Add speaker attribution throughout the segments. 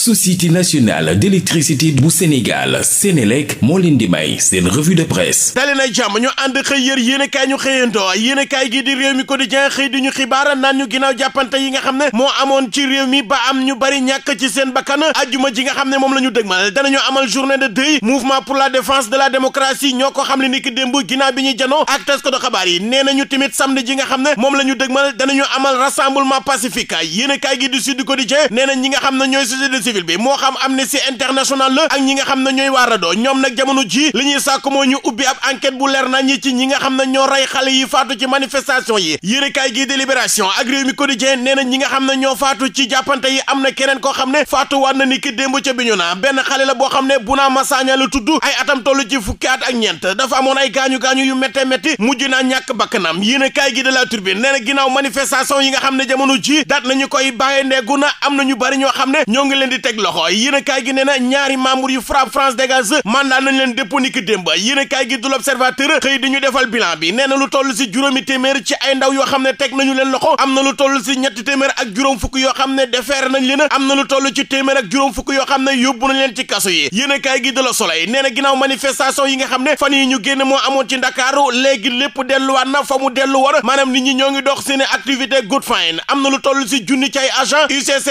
Speaker 1: société nationale d'électricité bu Sénégal Sénélec moo leen di may seen revue de presse dali jàmm ñu ànd xëy yër yéenekaay ñu xëyandoo yéenekaay gi di réew mi quotidien xëy di ñu xibaar naan ñu ginnaaw jàppante yi nga xam ne moo amoon ci réew mi ba am ñu bari ñàkk xam ne moom la ñu dëgmal danañu amal journée de deuil mouvement pour la défense de la démocratie ñoo ko xam ne ni démb ginnaaw bi ñuy janoo ak tas xabaar yi nee nañu tamit samedi ji nga xam ne moom la ñu dëgmal danañu amal civile bi moo xam Amnesty International la ak ñi nga xam ne ñooy waa RADDHO ñoom nag jamono ji li ñuy sàkk moo ñu ubbi ab enquête bu leer nañ ci ñi nga xam ne ñoo rey xale yi faatu ci manifestation yi yërekaay gi délibération ak réew mi quotidien nee na ñi nga xam ne ñoo faatu ci jàppante yi am na keneen koo xam ne faatu waat na ni ki démb ca bi ñu naa benn xale la boo xam ne bu naa masaaña la tudd ay atam toll ci fukki at ak ñeent dafa amoon ay gaañu-gaañu yu métte métti mujj naa ñàkk bakkanam yéenekaay gi de la Tribune nee na ginnaaw yi nga xam ne jamono ji daat nañu koy di teg loxo yéenekaay gi nee na ñaari membre yu FRAPP France Dégage mandat nañ leen dépôt niki démb yéenekaay gi du l'Observateur xëy di ñu defal bilan bi nee lu toll si juróomi téeméer ci ay ndaw yoo xam ne teg nañu leen loxo am na lu toll si ñetti téeméer ak juróom fukk yoo xam ne defeere nañ leen am na lu toll ci téeméer ak juróom fukk yoo xam ne yóbbu nañ leen ci kaso yi yéenekaay gi de la Soleil nee ginnaaw manifestation yi nga xam am na lu toll si junni ci ay agent UCC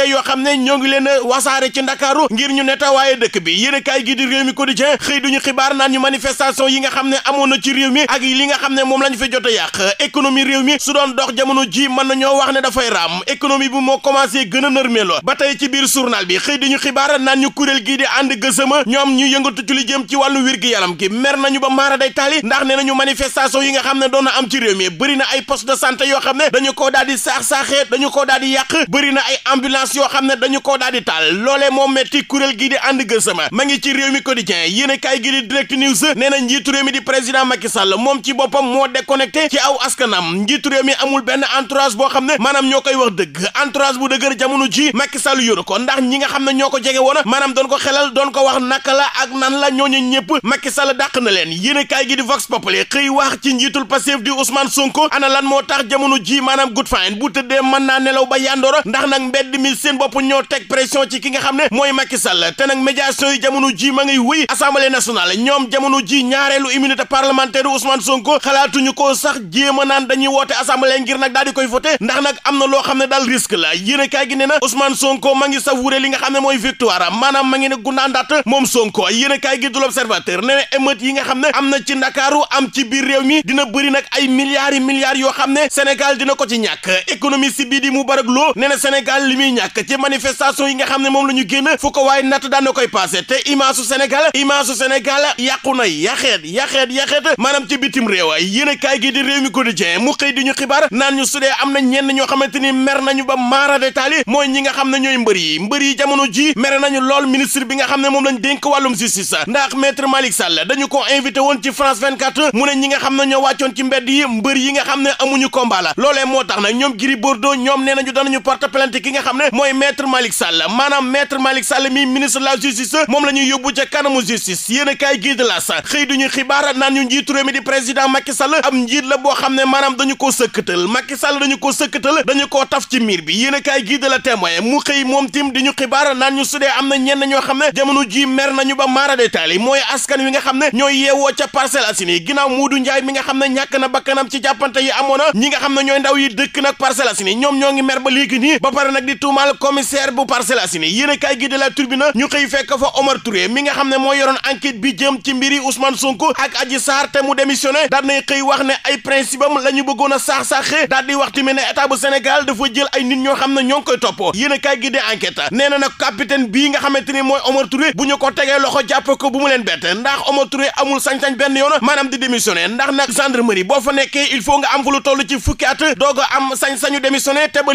Speaker 1: jaare ci ndakaaru ngir ñu netawaaye dëkk bi yéen a kaay gi di réew mi quotidien xëy ñu xibaar naan ñu manifestation yi nga xam ne amoon na ci réew mi li nga xam ne moom lañu fi jot a yàq économie réew mi su doon dox jamono ji mën na ñoo wax ne dafay raam économie bi moo commencé gën a nërmeeloo ba tey ci biir journal bi xëy diñu xibaar naan ñu kuréel gii di ànd gësëma ñoom ñu yëngatu ci li jëm ci wàllu wér gi yaram gi mer nañu ba maara day taali ndax nee nañu manifestation yi nga xam ne doon na am ci réew mi bëri na ay poste de santé yoo xam ne dañu koo daal di saax-saaxee dañu koo daal di yàq bëri na ay ambulance yoo xam ne dañu koo daal di loolee moom metti kuréel gi di ànd gësama ma ngi ci réew mi quotidien yéen a kaay gi di direct news nee na njiitu réew mi di président Macky Sall moom ci boppam moo déconnecté ci aw askanam njiitu réew mi amul benn entourage boo xam ne maanaam ñoo koy wax dëgg entourage bu dëgër jamono ji Macky Sall yoru ko ndax ñi nga xam ne ñoo ko jege woon maanaam doon ko xelal doon ko wax naka la ak nan la ñooñu ñëpp Macky Sall dàq na leen yéen a gi di vox populi xëy wax ci njiitul Pastef di Ousmane Sonko ana lan moo tax jamono ji maanaam good fine bu tëddee mën naa nelaw ba yandooro ndax nag mbedd mi seen bopp ñoo teg pression ci ki nga xam ne mooy Macky la te nag médiation yi jamono ji ma ngay wéy assemblée nationale ñoom jamono ji ñaareelu immunité parlementaire Ousmane Sonko xalaatuñu ko sax jéem a naan dañuy woote assemblée ngir nag daal di koy voté ndax nag am na loo xam ne daal risque la yéen a kaay gi nee na Ousmane Sonko ma ngi savouré li nga xam ne mooy victoire maanaam ma ngi ne gundaandaat moom Sonko yéen a kaay gi du l'observateur nee na émeute yi nga xam ne am na ci Ndakaaru am ci biir réew mi bëri nag ay milliards yi milliards yoo xam ne Sénégal dina ko ci ñàkk économie si bii di Moubarak Lo nee na Sénégal li muy ñàkk ci manifestation yi nga xam ne moom la ñu génn fu ko waaye natt daan na koy passé te image su Sénégal image su na yaxeet yaxeet yaxeet maanaam ci bitim réew yéen a kaay di réew mi quotidien mu xëy di ñu xibaar naan ñu sudee am na ñenn ñoo xamante ni mer nañu ba maara détail yi mooy ñi nga xam ne ñooy mbër yi mbër yi jamono ji mer nañu lool ministre bi nga xam ne moom lañ dénk wàllum justice ndax maître Malick Sall dañu ko invité woon ci France 24 mu ne ñi nga xam ne ñoo wàccoon ci mbedd yi moo tax nag ñoom Gris Bordeaux ñoom ki nga xam ne mooy maître Malick Sall maanaam maître Malick Sall mi ministre de la justice moom la a kaay gii de la sa xëy duñu xibaar naan ñu njiitu am njiit la boo xam ne maanaam dañu koo sëkkatal Sall dañu koo sëkkatal dañu koo taf ci miir bi yéen a kaay gii de la témoin mu xëy moom na ñenn ñoo xam ne jamono ji mer ñu ba maara détail yi mooy askan wi nga xam ne ñooy yeewoo ca Parcelles Assainies ginnaaw Moodu Njaay mi nga xam ne ñàkk na bakkanam ci jàppante yi amoon na ñi nga xam ne ñooy ndaw yi dëkk nag Parcelles Assainies ñoom ñoo ngi mer ba léegi nii ba pare nag di tuumaal commissaire bu Parcelles Assainies yéen a kaay gi la Tribune ñu xëy fekk fa Omar Touré mi nga xam ne moo yoroon enquête bi jëm ci mbiri Ousmane Sonko ak Adji Sarr te mu démissionné daal nay xëy wax ne ay principe am la ñu bëggoon a saax-saaxee daal di wax tamit ne état bu Sénégal dafa jël ay nit ñoo xam na ñoo koy topp yéen a kaay gi de nee na nag capitaine bii nga xamante ni mooy Omar Touré bu ñu ko tegee loxo jàpp ko bu mu leen bett ndax Omar Touré amul sañ-sañ benn yoon maanaam di démissionné ndax nag gendarmerie boo fa nekkee il faut nga am fu lu toll ci fukki at doog a am sañ-sañu démissionné te ba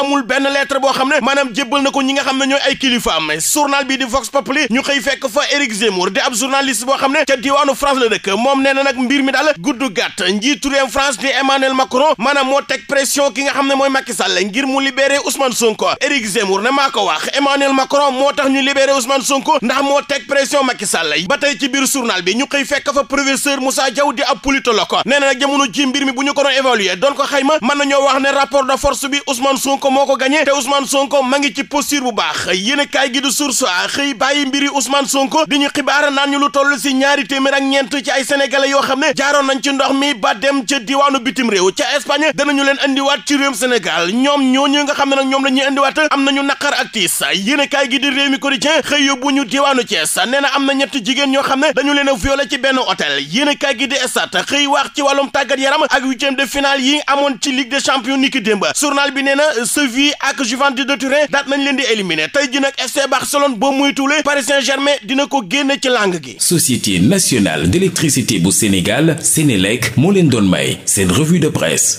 Speaker 1: amul benn lettre boo xam ne maanaam jébbal na ko ñi nga xam ne ñooy ay kilifaam journal bi di Vox Populi ñu xëy fekk fa Éric Zemmour di ab journaliste boo xam ne ca diwaanu France la dëkk moom nee na nag mbir mi daal gudd gàtt njiitu réew France di Emmanuel Macron maanaam moo teg pression ki nga xam ne mooy Macky Sall ngir mu libéré Ousmane Sonko Éric Zemmour ne maa ko wax Emmanuel Macron moo tax ñu libéré Ousmane Sonko ndax moo teg pression Macky Sall ba tey ci biir journal bi ñu xëy fekk fa professeur Moussa Diaw di ab politologue nee na nag jamono ji mbir mi bu ñu ko doon évaluer doon ko xayma mën nañoo wax ne rapport de bi Ousmane Sonko moo ko gagné te Ousmane Sonko ma ngi ci posture bu baax yéen a gi du source a xëy bàyyi mbiri Ousmane Sonko di ñu xibaar naan ñu lu toll si ñaari téeméer ak ñeent ci ay sénégalais yoo xam ne jaaroon nañ ci ndox mi ba dem ca diwaanu bitim réew ca Espagne ñu leen andiwaat ci réewum Sénégal ñoom ñooñu nga xam ne nag ñoom la ñuy andiwaat am nañu naqar ak tiis yéen a kaay gi di réew mi quotidien xëy yóbbu ñu diwaanu Thiès nee na am na ñett jigéen ñoo xam ne dañu leen a violé ci benn hôtel yéen a kaay gi di Stades tàggat yaram ak huitième de finale yi amoon ci Ligue des Champions niki démb bi nee na Séville ak Juventus de Turin nañ leen di éliminer tey jamono ji nag FC Barcelone boo muytuwulee Paris Saint-Germain dina ko génne ci làng gi. Société nationale d'électricité bu Sénégal Sénélec moo leen doon may seen revue de presse.